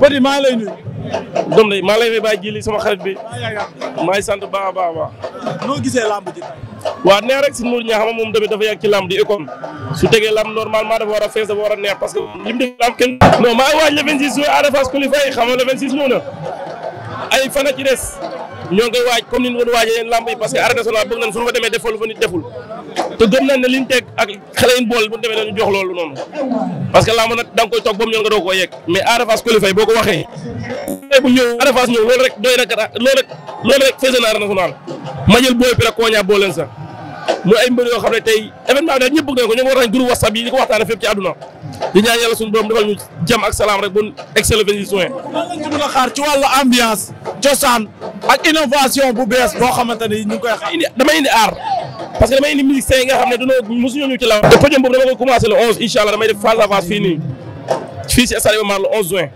Petit maa lay nuyu. doom day maa lay fay bàyyi jili sama xarit bi. maay sant baax a baax a baax. noo gisee lamb ji. waaw neex rek si Nour Niang xam nga moom tamit dafa yàgg ci lamb di école. su tegee lamb normalement dafa war a fees dafa war a neex parce que lim def lamb kenn. non maa ngi waaj le 26 juin Ada Fass Coly Faye xam nga le 26 ñëw na. ay fan a ci des. ñoo ngi koy waaj comme ni ñu ko doon yi parce que arène nationale ñu teg ak xale yi bool bu ñu demee dañu jox loolu noonu parce que lamb nag da koy toog ba mu ñor nga doo koo yegg mais Ada Fass qualifié boo na kat loolu rek loolu ngi waxtaan groupe whatsapp yi di ko waxtaane fépp ci àdduna di ñaan yàlla suñu borom defal ñu jàmm ak salaam rek bon excellent soin lan xaar ci wàllu ambiance cosaan ak innovation bu bees boo xamante ne ñu ngi koy indi damay indi art parce que damay indi nga xam ne dañoo mosuñu ñu ci la. te projet boobu dama koy commencé le 11 incha allah damay def face à face fii nii fii si stade Iba Mar le 11 juin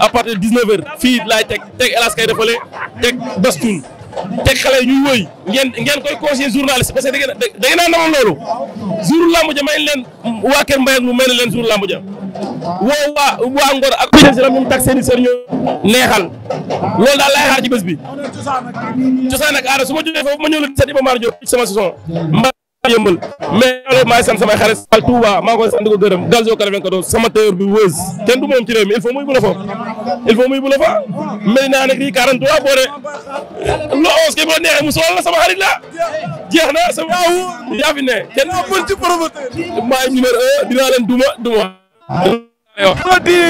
à partir fii laay teg teg El Hadj Kay defale teg Bastoun teg xale yi ñuy ngeen ngeen koy conseiller journaliste parce que da ngeen da ngeen a namoon loolu jour lamb ja may leen waa Kër Mbaye mu mel ne leen jour lamb ja woo waa waa Ngor ak Koudia Sylla moom tax seen i sër ñu neexal loolu daal laay xaar ci bés bi. cosaan ak ma jógee foofu ma ñëw la seet Iba Mar Diop sama saison. mbaa yëmbal mais loolu maa ngi sant samay maa ko sama tailleur bi wëz kenn du moom ci réew mi il faut muy bu la fa il faut muy bu la fa Medina nekk fii 43 boore lo os kii boo neexee mu sool la sama xarit la jeex na sama yaa fi ne kenn maa ngi numéro un dinaa leen duma duma. moo di